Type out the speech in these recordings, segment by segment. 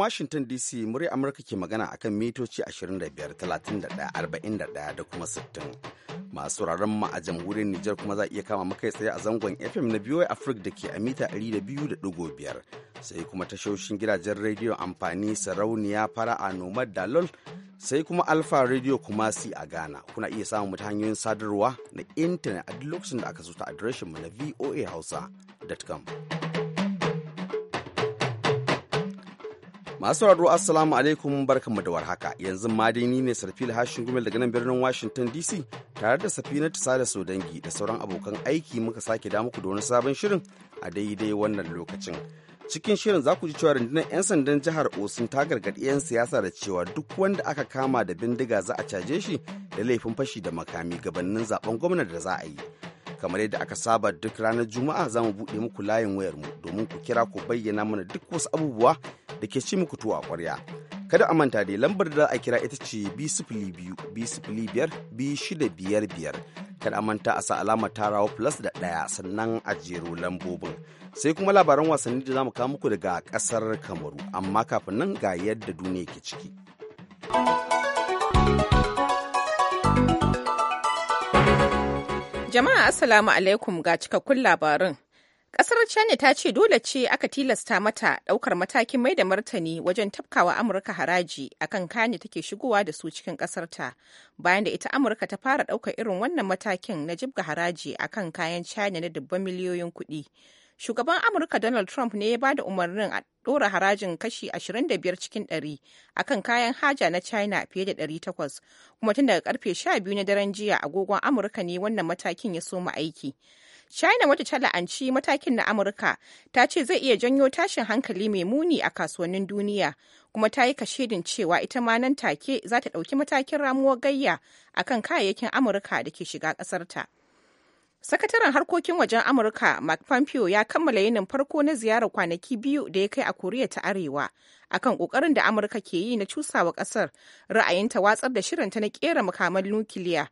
Washington DC murya Amurka ke magana akan mitoci 25, 31, 41 da kuma 60. Masu rarren ma a jamhuriyar Nijar kuma za a iya kama makai tsaye a zangon FM na biyu Africa da ke a mita 200.5 sai kuma tashoshin gidajen rediyo amfani sarauniya fara a nomad dalol sai kuma alfa Radio kumasi a Ghana. Kuna iya samun mutu hanyoyin sadarwa na intanet a duk lokacin da aka zo ta adireshinmu na voahausa.com. Masu sauraro Assalamu alaikum barkanmu da warhaka. Yanzu ma dai ni ne Sarfil Hashin Gumel daga nan birnin Washington DC tare da Safina Tisala Sodangi da sauran abokan aiki muka sake da muku da wani sabon shirin a daidai wannan lokacin. Cikin shirin za ku ji cewa rundunar 'yan sandan jihar Osun ta gargaɗi 'yan siyasa da cewa duk wanda aka kama da bindiga za a caje shi da laifin fashi da makami gabanin zaben gwamnati da za a yi. kamar yadda aka saba duk ranar juma'a za mu buɗe muku layin wayarmu domin ku kira ku bayyana mana duk wasu abubuwa da ke ci muku tuwa ƙwarya. Kada a manta da lambar da za a kira ita ce biyu biyar biyar Kada a manta a sa alama tarawa plus da ɗaya sannan a jero lambobin. Sai kuma labaran wasanni da za mu kawo muku daga ƙasar Kamaru amma kafin nan ga yadda duniya ke ciki. Jama'a Assalamu alaikum ga cikakkun labarin. Ƙasar China ta ce dole ce aka tilasta mata ɗaukar matakin mai da martani wajen tafkawa Amurka haraji akan kayan da take shigowa da su cikin ƙasarta, bayan da ita Amurka ta fara ɗaukar irin wannan matakin na jibga haraji akan kayan China na dubban miliyoyin kuɗi. Shugaban Amurka Donald Trump ne ya ba da umarnin a ɗora harajin kashi 25 cikin 100 akan kayan haja na China fiye da 800, kuma tun daga karfe 12 na daren jiya agogon Amurka ne wannan matakin ya soma aiki. China wata ta la'anci matakin na Amurka ta ce zai iya janyo tashin hankali mai muni a kasuwannin duniya kuma ta yi kashedin cewa ita ma nan take za ta ɗauki matakin ramuwar gayya a kan kayayyakin Amurka da ke shiga ƙasarta. Sakataren harkokin wajen Amurka Mark Pompeo ya kammala yinin farko na ziyarar kwanaki biyu da ya kai a Koriya ta Arewa akan kokarin da Amurka ke yi na cusawa ƙasar ra'ayinta watsar da shirinta na ƙera makaman nukiliya.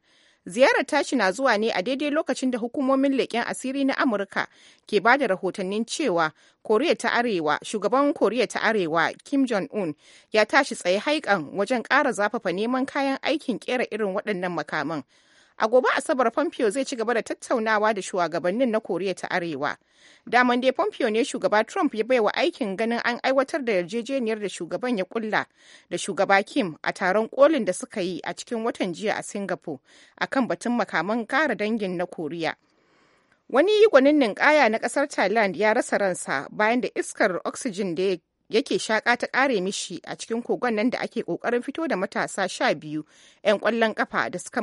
ziyarar tashi na zuwa ne a daidai lokacin da hukumomin leƙen asiri na amurka ke ba da rahotannin cewa koriya ta arewa shugaban koriya ta arewa kim jong-un ya tashi tsaye haikan wajen ƙara zafafa neman kayan aikin kera irin waɗannan makaman A gobe Asabar Pompeo zai ci gaba da tattaunawa da shugabannin na Koriya ta Arewa. Daman dai Pompeo ne shugaba Trump ya baiwa aikin ganin an aiwatar da yarjejeniyar da shugaban ya kulla da shugaba Kim a taron kolin da suka yi a cikin watan jiya a Singapore kan batun makaman kara dangin na Koriya. Wani gwanin ninkaya na kasar Thailand ya rasa ransa bayan da iskar oxygen da yake shaka ta kare mishi a cikin kogon nan da ake kokarin fito da matasa sha biyu 'yan kwallon kafa da suka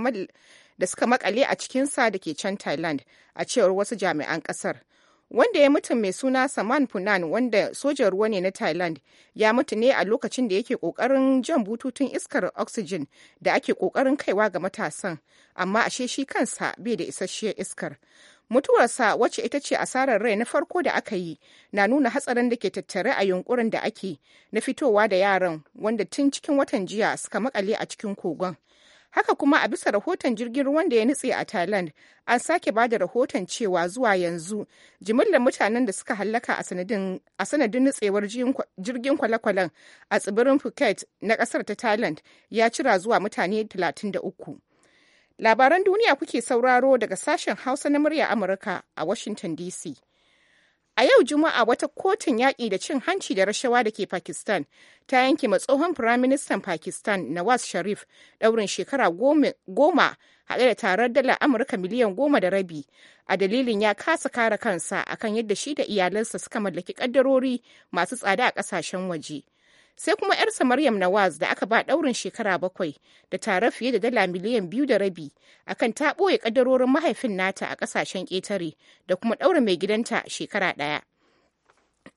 da suka makale a cikin sa da ke can Thailand a cewar wasu jami'an kasar Wanda ya mutum mai suna Saman Funan wanda sojan ruwa ne na Thailand ya mutu ne a lokacin da yake kokarin jan bututun iskar oxygen da ake kokarin kaiwa ga matasan, amma ashe shi kansa bai da isasshiyar iskar. mutuwarsa wacce ita ce asarar rai na farko da aka yi na nuna hatsarin da ke tattare a yunkurin da ake na fitowa da yaran wanda tun cikin watan jiya suka makale a cikin kogon Haka kuma a bisa rahoton jirgin ruwan da ya nutse a Thailand, an sake ba da rahoton cewa zuwa yanzu jimillar mutanen da suka hallaka a sanadin nutsewar jirgin kwale-kwalen a tsibirin Phuket na kasar ta Thailand ya cira zuwa mutane 33. Labaran duniya kuke sauraro daga sashen Hausa na murya Amurka a Washington DC. A yau Juma'a wata kotun yaƙi da cin hanci da rashawa da ke Pakistan ta yanke ma tsohon Firaministan Pakistan Nawaz Sharif ɗaurin shekara goma haɗe da tarar dala Amurka miliyan goma da rabi a dalilin ya kasa kare kansa akan yadda shi da iyalansa suka mallaki ƙaddarori masu tsada a ƙasashen waje. sai kuma yarsa maryam nawaz da aka ba daurin shekara bakwai da tare fiye da dala miliyan biyu da rabi akan ta ɓoye ƙaddarorin mahaifin nata a ƙasashen ƙetare da kuma daura mai gidanta shekara ɗaya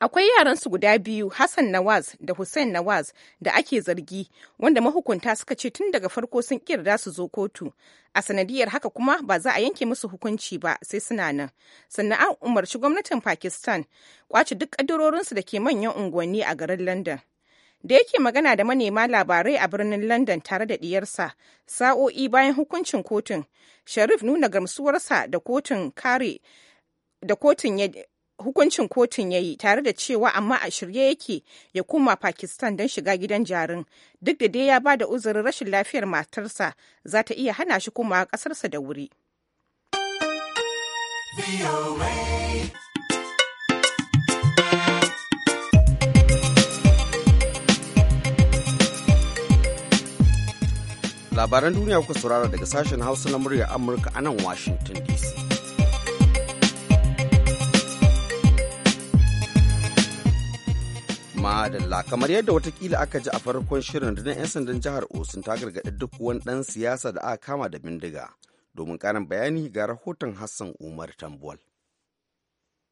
akwai yaransu guda biyu hassan nawaz da hussein nawaz da ake zargi wanda mahukunta suka ce tun daga farko sun kirda su zo kotu a sanadiyar haka kuma ba za a yanke musu hukunci ba sai suna nan sannan an umarci gwamnatin pakistan kwace duk ƙaddarorinsu da ke manyan unguwanni a garin london da yake magana da manema labarai a birnin london tare da diyarsa sa'o'i bayan hukuncin kotun sharif nuna gamsuwarsa da kotun kare da kotun ya hukuncin kotun ya yi tare da cewa amma a shirye yake ya koma pakistan don shiga gidan jarin duk da dai ya ba da uzurin rashin lafiyar matarsa za ta iya hana shi komawa kasarsa da wuri. labaran duniya kuka saurara daga sashen hausa na murya amurka a nan washington dc madalla kamar yadda watakila aka ji a farkon shirin da 'yan sandan jihar osun ta gargaɗi duk wani ɗan siyasa da aka kama da bindiga domin ƙarin bayani ga rahoton hassan umar tambol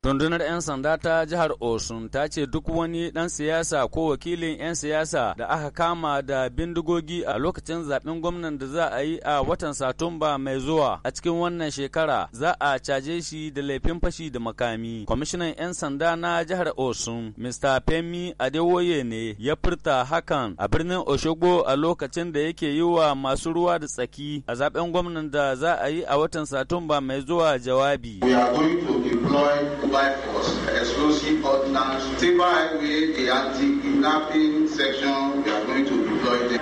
Rundunar 'yan sanda ta jihar Osun ta ce duk wani ɗan siyasa ko wakilin 'yan siyasa da aka kama da bindigogi a lokacin zaɓen gwamnan da za a yi a watan Satumba mai zuwa a cikin wannan shekara za a caje shi da laifin fashi da makami. Kwamishinan 'yan sanda na jihar Osun, Mr. Femi Adewoye ne ya furta hakan a birnin Oshogbo a lokacin da yake yi wa masu ruwa da tsaki a zaɓen gwamnan da za a yi a watan Satumba mai zuwa jawabi. bypass, explosive ordnance, by highway, the anti-kidnapping section, we are going to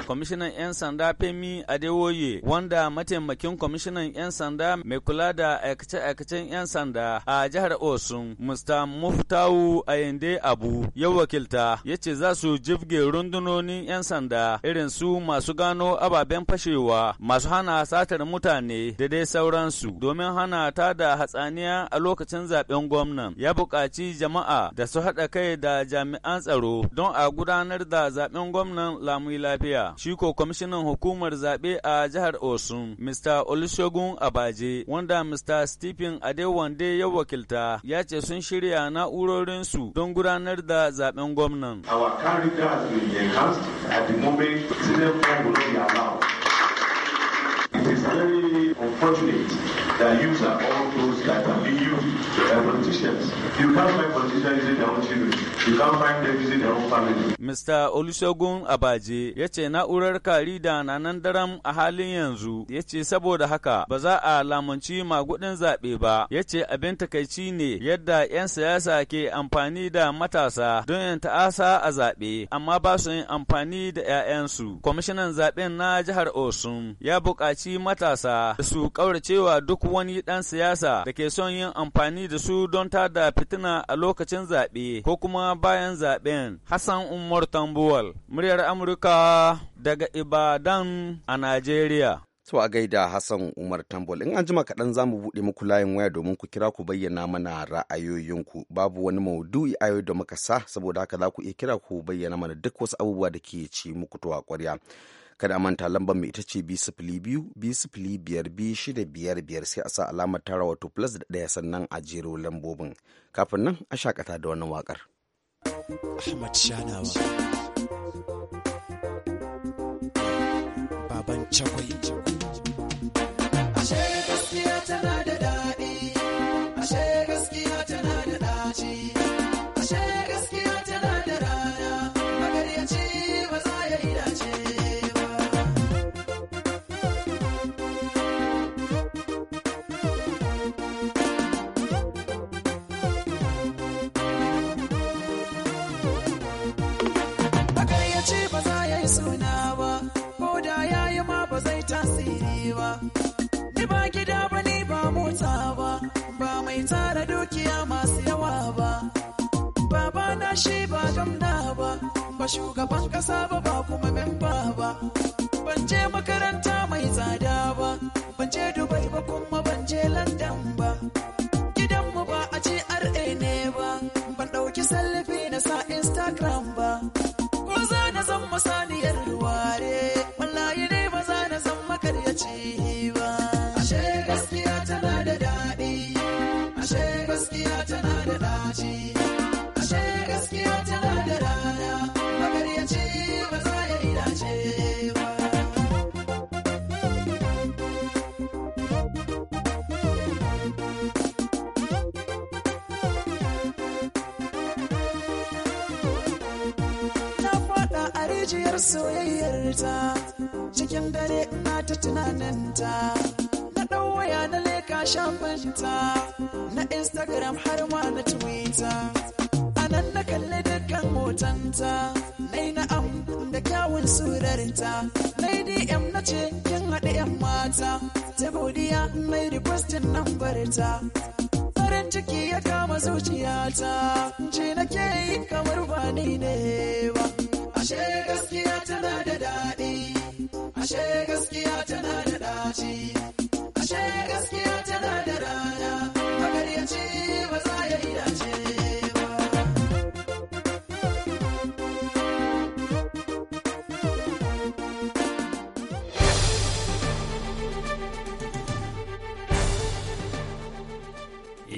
Kwamishinan 'yan sanda Femi Adewoye wanda mataimakin kwamishinan 'yan sanda mai kula da aikace-aikacen 'yan sanda a jihar Osun, Mr. Muftawu Ayinde Abu ya wakilta ya ce za su jibge rundunonin 'yan sanda irin su masu gano ababen fashewa, masu hana satar mutane da dai sauransu domin hana ta da hatsaniya a lokacin zaben gwamnan. Ya buƙaci jama'a da su haɗa kai da jami'an tsaro don a gudanar da zaben gwamnan Lamila lafiya. Shi ko kwamishinan hukumar zaɓe a jihar Osun, Mr. Olusegun Abaje, wanda Mr. Stephen Adewande ya wakilta, ya ce sun shirya na'urorinsu don gudanar da zaɓen gwamnan. Our character has been enhanced at the moment, season four will not be allowed. It is very unfortunate that you are all those that are being Mr. Olusegun Abaje ya ce na'urar Karida na nan daram a halin yanzu ya ce saboda haka ba za a lamunci magudin zaɓe ba ya ce abin takaici ne yadda 'yan siyasa ke amfani da matasa don yin ta'asa a zaɓe amma ba su yin amfani da 'ya'yansu. Kwamishinan zaɓen na jihar Osun ya buƙaci matasa su ƙauracewa duk wani ɗan siyasa da ke son yin amfani amfani da su don ta da fitina a lokacin zaɓe ko kuma bayan zaɓen. Hassan Umar Tambuwal, muryar Amurka daga Ibadan a Najeriya. To a gaida Hassan Umar Tambuwal, in an jima kaɗan za mu buɗe muku layin waya domin ku kira ku bayyana mana ra'ayoyinku babu wani maudu'i a da muka sa saboda haka za ku iya kira ku bayyana mana duk wasu abubuwa da ke ci muku to a ƙwarya. kada manta lambar mai ita ce b sifili biyu b sifili biyar b shida biyar biyar sai a sa alamar tara wato plus da ɗaya sannan a jero lambobin kafin nan a shakata da wannan wakar. Ahmad Shanawa Baban Chakwai cikin dare na ta tunaninta na ɗan waya na leka shafinta na instagram har ma na twitter a na kalli dukkan hotonta na yi na'am da kyawun surarinta na yi dm na ce kin haɗe yan mata ta godiya na yi requestin ta. farin ciki ya kama zuciyata ce ke yi kamar ba ne ashe gaskiya tana da ɗaci ashe gaskiya tana da rana ce ba za ya yi dace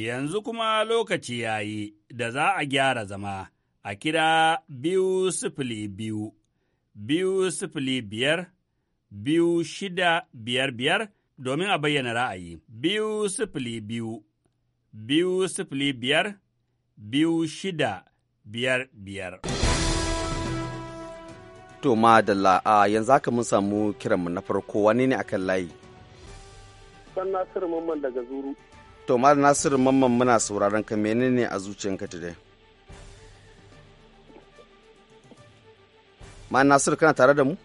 Yanzu kuma lokaci ya yi da za a gyara zama a kira biyu sifili biyu, biyu sifili biyar, biyu shida biyar biyar domin a bayyana ra'ayi. Biyu sifili biyu, biyu sifili biyar, biyu shida biyar biyar. To madalla a yanzu haka mun samu kiranmu na farko wani ne akan layi? San Nasiru Mamman daga Zuru. To da Nasiru Mamman muna sauraron ka menene a zuciyanka today? Ma Nasiru kana tare da mu?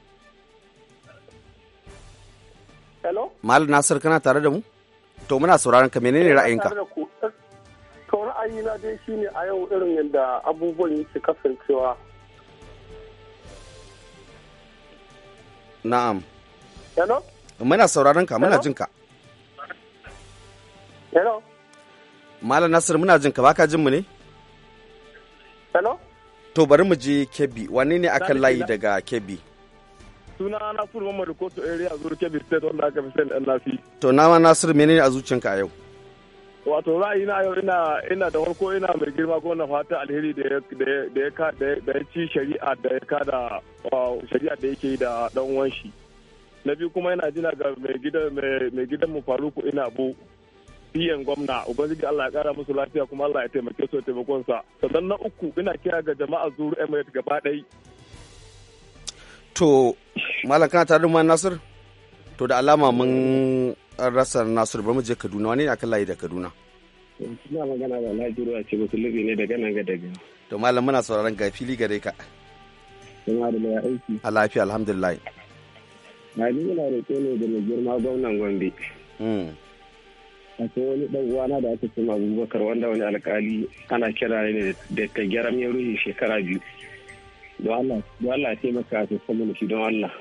Malam Nasir kana tare da mu? To muna sauraron ka menene ra'ayinka? To ra'ayina dai shine a yau irin yadda abubuwan yake kasancewa. Na'am. Hello? Muna sauraron ka, muna jin ka. Hello? Malam Nasir muna jin ka, baka jin mu ne? Hello? To bari mu je Kebbi, wane ne akan layi daga Kebbi? suna Nasiru da Kotu a zuwa Kebbi State wanda aka fi sani ɗan Nafi. To nama Nasiru ne a zuciyanka a yau? Wato ra'ayi na yau ina ina da farko ina mai girma ko na fata alheri da ya ci shari'a da ya da shari'a da yake da dan uwan shi. Na biyu kuma yana jina ga mai gidan mai gidan mu Faruku ina bu biyan gwamna ubangiji Allah ya kara musu lafiya kuma Allah ya taimake su da sa sannan na uku ina kira ga jama'a zuru emirate gaba ɗaya to Malam Kana tare da ma nasir to da alama mun rasa nasir bari mu je kaduna wani ne akan layi da kaduna suna magana da lajiru ce musulmi ne daga nan ga daga to malam muna sauraron ga fili gare ka kuma da mai aiki a lafiya alhamdulillah na ni muna roƙo ne da mai girma gwamnan gombe ce hmm. wani dan uwana da aka ce abubakar wanda wani alkali ana kira ne da ta gyaran ya ruhi shekara biyu don Allah sai maka su samu don Allah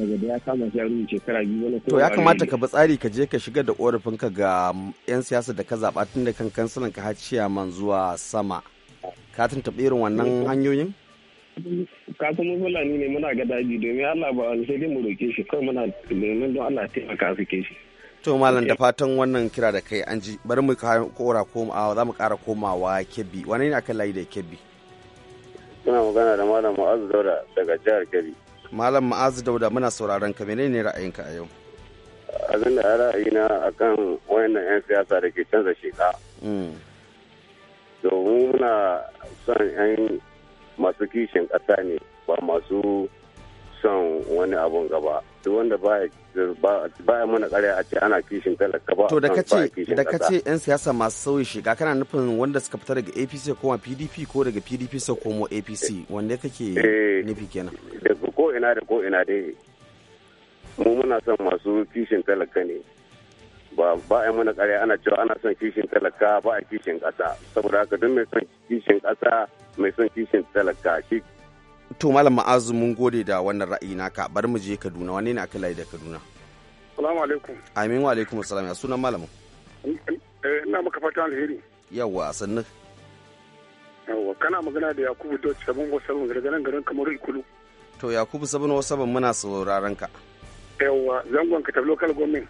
daga da ya kama shi shekara biyu wani to ya kamata ka bi tsari ka je ka shiga da ka ga yan siyasa da ka zaba tun da kankan sanin ka haciya man zuwa sama ka tuntuɓi irin wannan eh, hanyoyin ka mun fulani ne muna ga daji domin Allah ba wani sai dai mu roke shi kawai muna neman don Allah taimaka su ke shi to malam da eh. fatan wannan kira da kai an ji bari mu kora ko za mu kara komawa kebbi wani ne aka layi da kebbi Suna magana da Malam Ma'azu Dauda daga jihar Kebbi. Malam Ma'azu Dauda muna sauraron ka menene ra'ayinka a yau? Abin da ra'ayina akan wayannan 'yan siyasa da ke canza sheka. Hmm. Domin muna son 'yan masu kishin ƙasa ne ba masu son wani abun gaba duk wanda baya mana karya a ce ana kishin talaka ba to da kace da kace yan siyasa masu sauyi shiga kana nufin wanda suka fita daga APC ko PDP ko daga PDP sai komo APC wanda kake eh, nufi kenan da ko ina da ko ina dai mu muna son masu kishin talaka ne ba ba a mana karya ana cewa ana son kishin talaka ba a kishin kasa saboda haka duk mai son kishin kasa mai son kishin talaka shi to malam ma'azu mun gode da wannan ra'ayi naka bar mu je kaduna wani ne aka layi da kaduna salamu alaikum amin wa alaikum salam ya sunan malamin eh, ina maka fata alheri yawa sannu yawa kana magana da yakubu dot sabon wasaban daga nan garin kamar ikulu to yakubu sabon wasaban muna sauraron ka yawa zangon ka tafi local government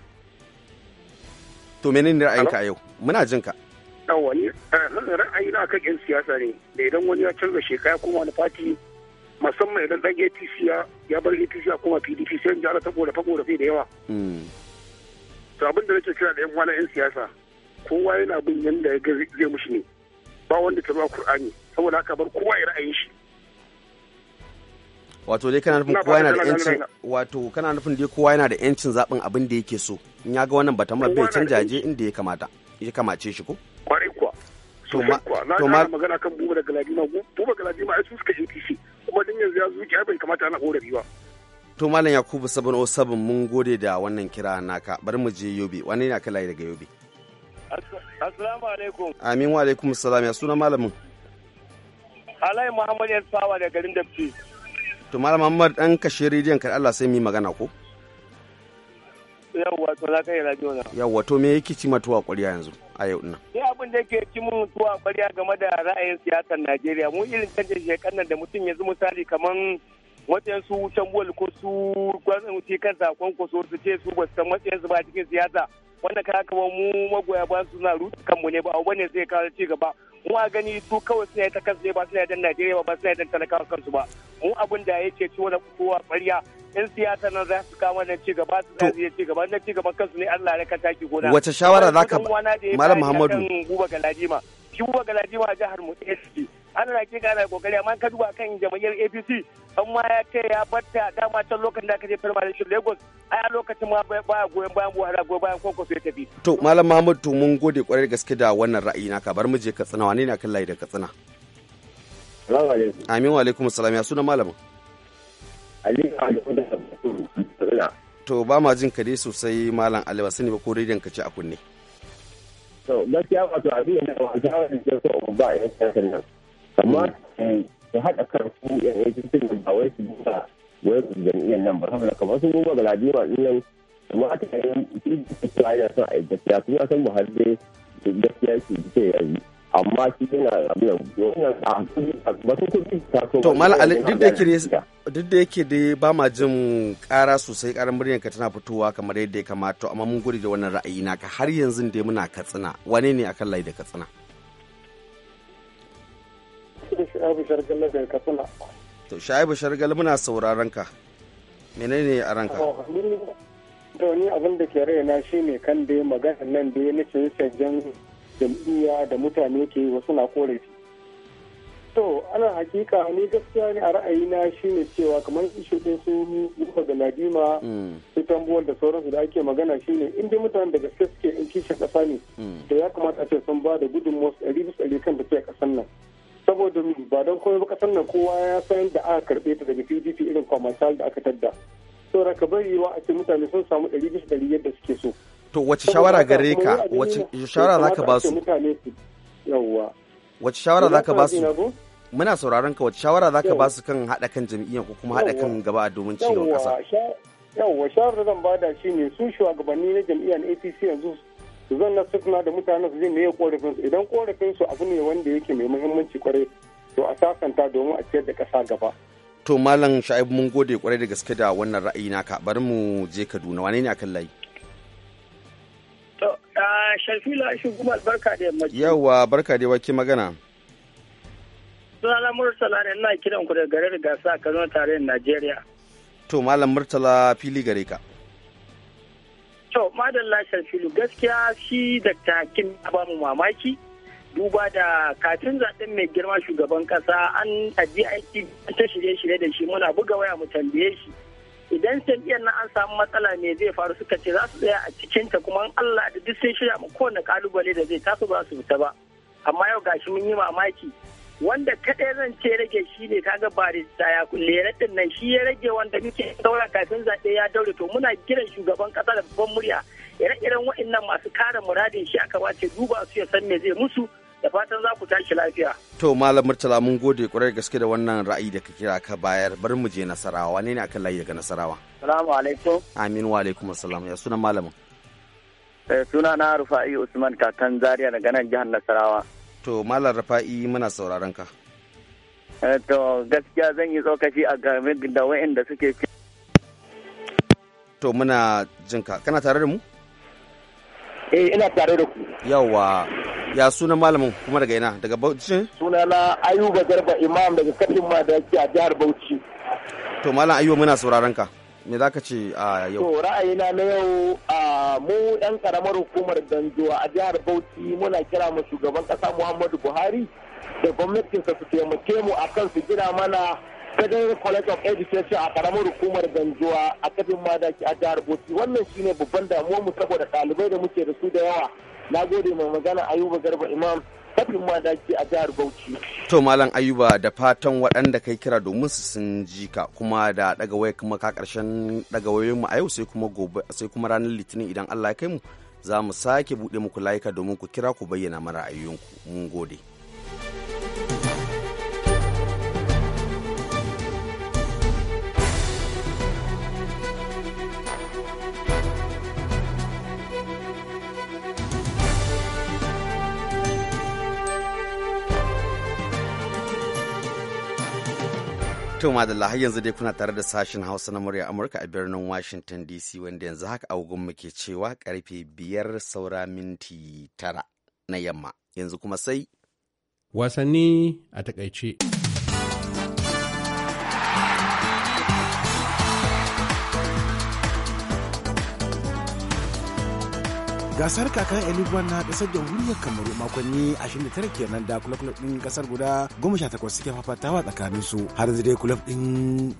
to menene ra'ayinka a yau muna jin ka yawa ni eh, ra'ayi na kan yan siyasa ne da idan wani ya canza shekara kuma wani fati musamman idan dan APC ya bar APC ya kuma PDP sai ya ta korafe korafe da yawa mm. to abin da nake kira da yan wani yan siyasa kowa yana bin yanda ya zai mushi ne ba wanda ta ba Kur'ani saboda haka bar kowa ya ra'ayin shi wato dai kana nufin kowa yana da yancin wato kana nufin dai kowa yana da yancin zaɓin abin da yake so in ya ga wannan batamar bai canja je inda ya kamata ya kamace shi ko kwarai to ma magana kan buba da galadima buba galadima ai su suka kuma din yanzu ya zuki ai bai kamata ana korafi ba to malam yakubu 707 mun gode da wannan kira naka bari mu je yobe wani ne aka layi daga yobe assalamu alaikum amin wa alaikum salam ya suna malamin alai muhammad yan sawa da garin dabci to malam muhammad dan kashe rediyon kan Allah sai mu magana ko yawwa to za ka radio na yawwa to me yake ci matuwa ƙwarya yanzu a yau ɗin ya abin da yake ci mun tuwa ƙwarya game da ra'ayin siyasar Najeriya mu irin canje shi kannan da mutum yanzu misali kaman wajen su tambol ko su wuce kan zakon ko su ce su ba su san matsayin su ba cikin siyasa wannan kan haka mu magoya ba su na rutu kanmu ne ba abu ne zai kawo ci gaba mu a gani su kawai suna yi ta kansu ne ba suna yi dan Najeriya ba ba suna yi dan talakawa kansu ba mu abin da yake ci wani kowa ƙwarya in siyasa nan za su kama nan ci gaba su zai ci gaba nan ci gaban kansu ne Allah ya kata ki gona wace shawara za ka malam Muhammadu Guba Galadima shi Guba Galadima ladima jihar mu APC ana na kika ana kokari amma ka duba kan jama'iyyar APC an ma ya ce ya batta dama can lokacin da aka je firma da shi Lagos ai a lokacin ma baya goyon bayan Buhari goyon bayan Koko sai bi. to malam Muhammadu to mun gode kwarai gaske da wannan ra'ayi naka bar mu je Katsina wane ne kan layi da Katsina Amin wa alaikum salam ya suna malamin. Ali Adamu da Abdul To ba ma jin ka dai sosai Malam Ali ba sani ba ko rediyon ka ce a kunne. To gaskiya wato abin da ba ta wani da so ba ya kasance nan. Amma hmm. eh, su haɗa karfu yan da ba wai su buga wai su jam'iyyar nan ba saboda kamar sun buga galadiwa ɗin nan amma aka yi su yi su ayyana son a yi gaskiya su ya san Buhari dai gaskiya su ce ya yi. amma shi yana abin yana a batun kuɗi ta so to mala ali duk da yake duk da yake dai ba ma jin ƙara sosai ƙarar ka tana fitowa kamar yadda ya kamata amma mun gudu da wannan ra'ayi naka har yanzu dai muna katsina wane ne akan layi da katsina to sha'ibu shargal muna sauraron ka menene a ranka oh, to ni abin da ke raina shine kan dai magana nan da ya nace canjen jam'iyya da mutane ke wasu na korafi to ana hakika ni gaskiya ne a ra'ayina shine cewa kamar ɗin su gufa da ladima mm. su tambuwar da sauransu da ake magana shi ne. dai mutane da gaske suke in kishin ƙasa ne da mm. ya kamata a ce sun ba da wasu ɗari bisa ɗari kan tafiya kasan nan saboda ba don komai ba kasan nan kowa ya san da aka karɓe ta daga pdp irin kwamatal da aka tadda saboda ka bari wa a ce mutane sun samu ɗari bisa ɗari yadda suke so to wace shawara gare ka wace shawara za ka ba su wace shawara za ka ba su muna sauraron ka wace shawara za ka ba su kan haɗa kan jam'iyyar ko kuma haɗa kan gaba domin ci gaban ƙasa yawwa shawarar da zan bada shi ne su shugabanni na jami'an apc yanzu su zan na sukuna da mutanen su zai meye korafin su idan korafin su abu ne wanda yake mai muhimmanci kwarai to a sasanta domin a ciyar da ƙasa gaba to malam sha'ibu mun gode kwarai da gaske da wannan ra'ayi naka bari mu je kaduna wane ne akan layi Sharfila barka da Yawwa barka da waki magana. Sunana Murtala ne ina kiran ku da garin gasa Kano da Najeriya. To Malam Murtala fili gare ka. To Madalla Sharfilu gaskiya shi da takin ba mu mamaki duba da katin zaɓen mai girma shugaban ƙasa an ajiye aiki ta shirye-shirye da shi muna buga waya mu tambaye shi. idan jam'iyyar na an samu matsala ne zai faru suka ce za su tsaya a cikinta kuma Allah da duk sun shirya kowanne kowane kalubale da zai taso ba su fita ba amma yau gashi mun yi mamaki wanda kaɗai zan ce rage shi ne kaga barista ya lera din nan shi ya rage wanda muke saura kafin zaɓe ya daure to muna kiran shugaban ƙasa da babban murya ire-iren waɗannan masu kare muradin shi aka wace duba su ya san me zai musu da fatan za ku tashi lafiya. To Malam Murtala mun gode kwarai gaske da wannan ra'ayi da ka kira ka bayar bar mu je Nasarawa ne ne akan layi daga Nasarawa. Salamu alaikum. Amin wa alaikum assalam ya sunan malamin. Eh, Suna na Rufa'i Usman Kakan Zaria daga nan jihar Nasarawa. To Malam Rufa'i muna sauraron ka. Eh, to gaskiya zan yi tsokaci a game da wa'inda suke To muna jinka kana tare da mu? Eh ina tare da ku. yawwa. ya sunan malamin kuma daga ina daga bauchi sunana ayuba garba imam daga kafin ma da yake a jihar bauchi to malam ayuba muna sauraron ka me za ka ce a yau to ra'ayina na yau a mu dan karamar hukumar danjuwa a jihar bauchi muna kira mu shugaban kasa muhammadu buhari da gwamnatinsa su taimake mu akan su gina mana federal college of education a karamar hukumar danjuwa a kafin yake a jihar bauchi wannan shine babban damuwar mu saboda ɗalibai da muke da su da yawa na gode ma magana ayuba garba imam kafin ma daki a jihar bauchi to malam ayuba da fatan waɗanda kai kira domin su sun ji ka kuma da daga waya kuma ka karshen daga wayoyin mu a yau sai kuma gobe sai kuma ranar litinin idan Allah ya kai mu za mu sake buɗe muku layuka domin ku kira ku bayyana mana ra'ayoyinku mun gode To madalla har yanzu dai kuna tare da sashen Hausa na murya Amurka a birnin Washington DC wanda yanzu haka agogon muke cewa karfe biyar saura minti tara na yamma yanzu kuma sai wasanni a takaice. gasar kakan eliguan na kasar jamhuriyar kamaru makonni 29 kenan da kula kula din kasar guda 18 suke fafatawa tsakanin su har zai kulab din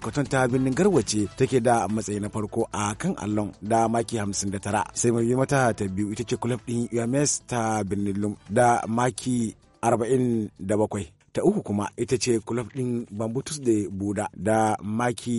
cotton ta birnin garwace take da matsayi na farko a kan allon da maki 59 sai mai mata ta biyu ita ce kulab din ums ta birnin lum da maki 47 ta uku kuma ita ce kulab din bambutus da buda da maki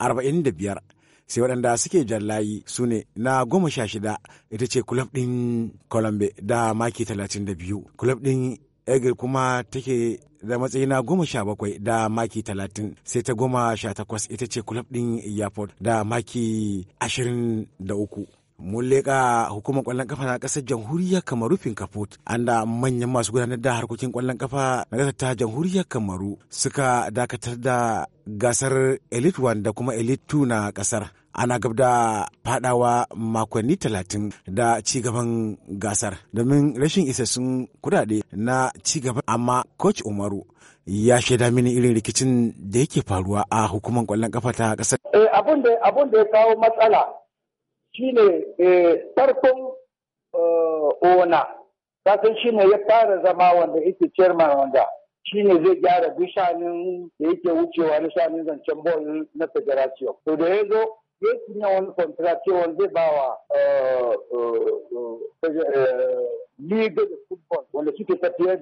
45 sai waɗanda suke jallayi su ne na goma sha shida ita ce kulab ɗin colombe da maki talatin da biyu kulab ɗin egil kuma take da matsayi na goma sha bakwai da maki talatin sai ta goma sha takwas ita ce kulab ɗin yafot da maki ashirin da uku mun leƙa hukumar ƙwallon kafa na ƙasar jamhuriyar kamaru finkafot an da manyan masu gudanar da harkokin ƙwallon kafa na ƙasar ta jamhuriyar kamaru suka dakatar da gasar elite 1 da kuma elite 2 na ƙasar ana gab da fadawa makonni talatin da cigaban gasar domin rashin isassun kudade na cigaba amma coach umaru ya shaida mini irin rikicin da yake faruwa a hukumar kwallon kafa ta kasar. Eh, abun da ya kawo matsala shine eh, farkon eh, ona kasan shine ya fara zama wanda yake chairman wanda shine zai gyara bishanin da yake wucewa na shanin zancen bol na federation to da ya zo ya yi wani kwantara cewa zai bawa wa eh, eh, eh, liga da football wanda suke tafiyar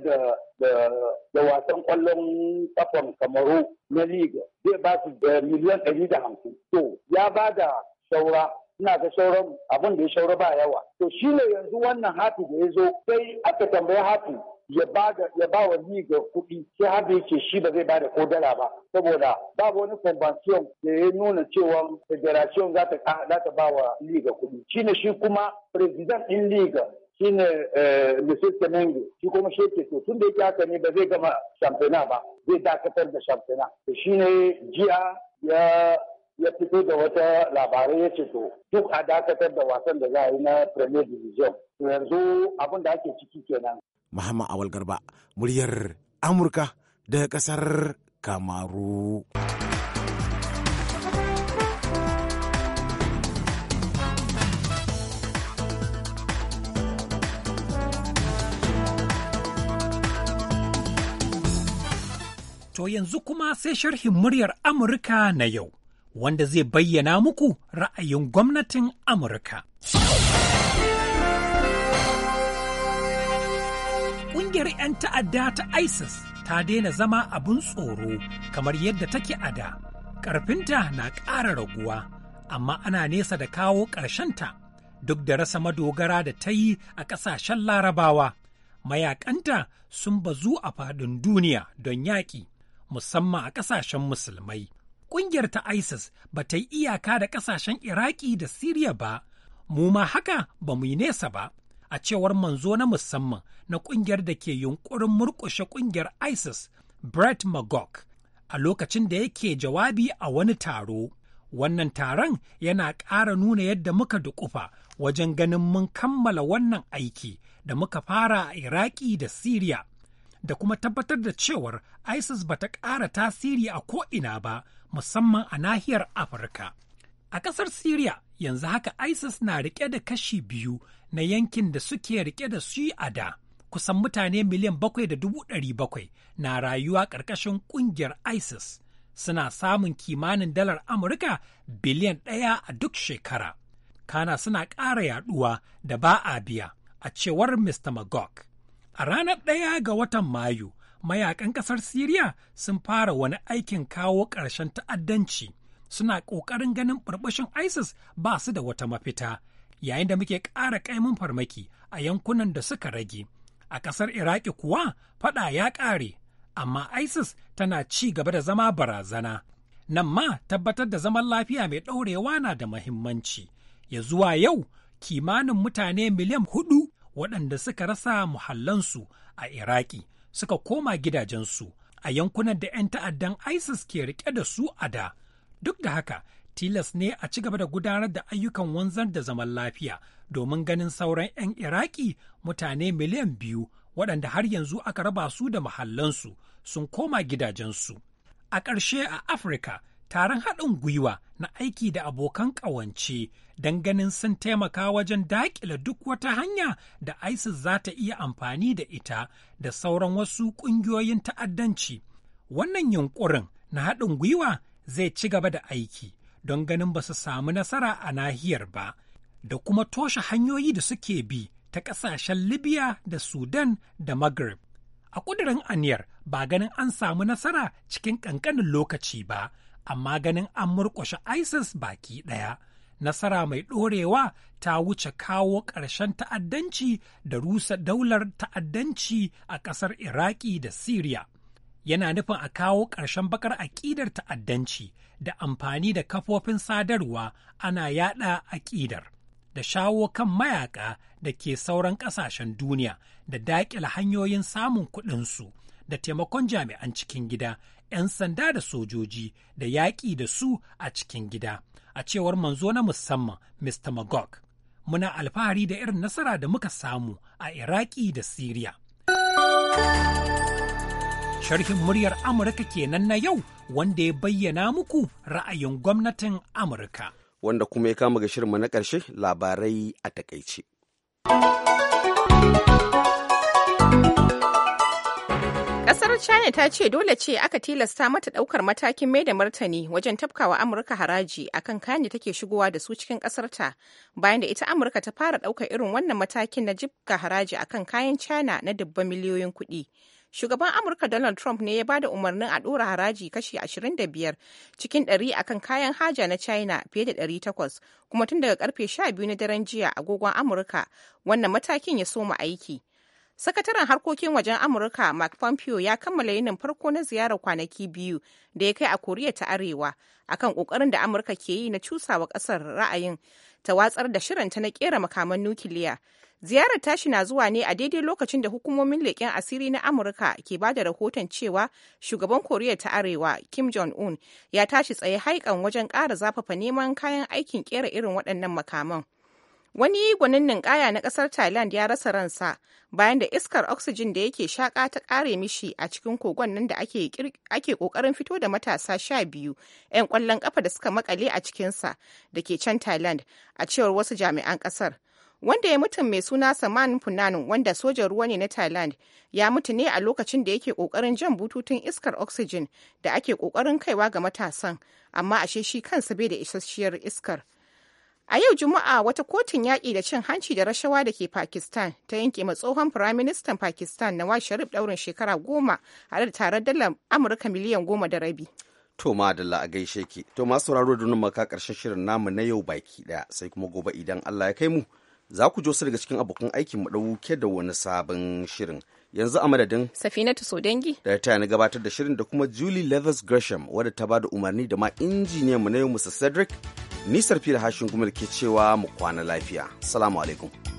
da wasan kwallon kafan kamaru na liga zai ba su miliyan ɗari da hamsin to ya ba da shaura ina ga sauran abin da ya shaura ba yawa to shi ne yanzu wannan hatu da ya zo sai aka tambayi hatu ya ba wa wa ga kuɗi sai har yake shi ba zai ba da kodala ba saboda babu wani convention da ya nuna cewa federation za ta ba wa liga kuɗi ne shi kuma president din liga ne eh, Mr. Kemenge shi kuma shi ke so tun da yake haka ne ba zai gama shamfina ba zai dakatar da shamfina shine jiya ya ya fito da wata labarai ya ce to duk a dakatar da wasan da za a yi na premier division yanzu abin da ake ciki kenan Muhammad Awal Garba, muryar Amurka da ƙasar Kamaru. To yanzu kuma sai sharhin muryar Amurka na yau, wanda zai bayyana muku ra'ayin gwamnatin Amurka. ƙungiyar 'yan ta'adda ta isis ta daina zama abin tsoro kamar yadda take a da ƙarfinta na ƙara raguwa amma ana nesa da kawo ƙarshenta duk da rasa madogara da ta yi a ƙasashen larabawa mayakanta sun bazu a faɗin duniya don yaƙi musamman a ƙasashen musulmai ƙungiyar ta isis ba ta yi iyaka da ƙasashen iraki da siriya ba mu ma haka ba mu yi nesa ba a cewar manzo na musamman na ƙungiyar da ke yunƙurin murƙushe ƙungiyar ISIS Brett Magog a lokacin da yake jawabi a wani taro. Wannan taron yana ƙara nuna yadda muka duƙufa wajen ganin mun kammala wannan aiki da muka fara a Iraki da Siriya. da kuma tabbatar da cewar ISIS ba ta ƙara tasiri a ko'ina ba, musamman a nahiyar Afirka. A ƙasar Siriya yanzu haka ISIS na riƙe da kashi biyu na yankin da suke riƙe da su a da. Kusan mutane miliyan bakwai da dubu ɗari bakwai na rayuwa ƙarƙashin ƙungiyar ISIS suna samun kimanin dalar Amurka biliyan ɗaya a duk shekara. Kana suna ƙara yaɗuwa da ba a biya, a cewar Mr. Magog. A ranar ɗaya ga watan Mayu, mayakan ƙasar Siriya sun fara wani aikin kawo ƙarshen ta'addanci. suna ƙoƙarin ganin ɓarɓashin isis ba su da wata mafita yayin da muke ƙara ƙaimin farmaki a yankunan da suka rage a ƙasar iraki kuwa faɗa ya ƙare amma isis tana ci gaba da zama barazana nan ma tabbatar da zaman lafiya mai ɗaurewa na da mahimmanci ya zuwa yau kimanin mutane miliyan hudu waɗanda suka rasa muhallansu a iraki suka koma gidajensu a yankunan da 'yan ta'addan isis ke rike da su a da Duk da haka, tilas ne a ci gaba da gudanar da ayyukan wanzar da zaman lafiya domin ganin sauran 'yan Iraki mutane miliyan biyu waɗanda har yanzu aka raba su da mahallansu sun koma gidajensu. A ƙarshe a Afirka, taron haɗin gwiwa na aiki da abokan ƙawance don ganin sun taimaka wajen daƙile duk wata hanya da ISIS za ta iya amfani da ita da sauran wasu ƙungiyoyin ta'addanci. Wannan yunƙurin na haɗin gwiwa zai ci gaba da aiki don ganin ba su samu nasara a nahiyar ba da kuma toshe hanyoyi da suke bi ta ƙasashen libya da sudan da maghreb a ƙudurin aniyar ba ganin an samu nasara cikin ƙanƙanin lokaci ba amma ganin an murƙushe isis baki ɗaya nasara mai ɗorewa ta wuce kawo ƙarshen ta'addanci da rusa daular ta'addanci a ƙasar iraki da siriya yana nufin a kawo ƙarshen bakar aƙidar ta'addanci da amfani da kafofin sadarwa ana yada aƙidar da shawo kan mayaƙa da ke sauran ƙasashen duniya da daƙila hanyoyin samun kuɗinsu da taimakon jami'an cikin gida 'yan sanda da sojoji da yaƙi da su a cikin gida a cewar manzo na musamman mr magog muna alfahari da irin nasara da muka samu a iraki da siriya sharhin muryar Amurka kenan na yau wanda ya bayyana muku ra'ayin gwamnatin Amurka. Wanda kuma ya kama ga shirinmu na ƙarshe labarai a takaice. Ƙasar China ta ce dole ce aka tilasta mata ɗaukar matakin mai da martani wajen tafkawa Amurka haraji akan kayan da take shigowa da su cikin ƙasarta bayan da ita Amurka ta fara ɗaukar irin wannan matakin na jibga haraji akan kayan China na dubban miliyoyin kuɗi. Shugaban Amurka Donald Trump ne ya ba da umarnin a ɗora haraji kashi 25 cikin 100 akan kayan haja na China fiye da 800 kuma tun daga karfe 12 na daren jiya agogon Amurka wannan matakin ya soma aiki. Sakataren harkokin wajen Amurka Mark Pompeo ya kammala yinin farko na ziyarar kwanaki biyu da ya kai a Koriya ta Arewa akan kokarin da Amurka ke yi na cusawa kasar ra'ayin ta watsar da shirinta na kera makaman nukiliya Ziyarar tashi na zuwa ne a daidai lokacin da hukumomin leƙen asiri na Amurka ke ba da rahoton cewa shugaban Koriya ta Arewa Kim Jong-un ya tashi tsaye haikan wajen ƙara zafafa neman kayan aikin ƙera irin waɗannan makaman. Wani gwanin ninkaya na ƙasar Thailand ya rasa ransa bayan da iskar oxygen da yake shaƙa ta ƙare mishi a cikin kogon nan da ake ƙoƙarin fito da matasa sha biyu 'yan ƙwallon ƙafa da suka makale a cikinsa da ke can Thailand a cewar wasu jami'an ƙasar. wanda ya mutum mai suna saman funanin wanda sojan ruwa ne na thailand ya mutu ne a lokacin da yake kokarin jan bututun iskar oxygen da ake kokarin kaiwa ga matasan amma ashe shi kansa bai da isasshiyar iskar a yau juma'a wata kotun yaƙi da cin hanci da rashawa da ke pakistan ta yanke ma tsohon firaministan pakistan nawaz sharif daurin shekara goma a da tarar dalar amurka miliyan goma da rabi To ma Adalla a gaishe ki. To ma sauraro da maka ƙarshen shirin namu na yau baki ɗaya sai kuma gobe idan Allah ya kai mu za ku ji wasu daga cikin abokan aikin mu ɗauke da wani sabon shirin yanzu a madadin safinatu dangi. da ta yana gabatar da shirin da kuma julie leathers gresham wadda ta ba da umarni da ma injiniyan mu na yau musa cedric nisar da hashin gumar ke cewa mu kwana lafiya salamu alaikum